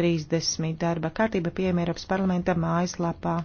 30. darba kārtība pieejama Eiropas parlamenta mājaslapā.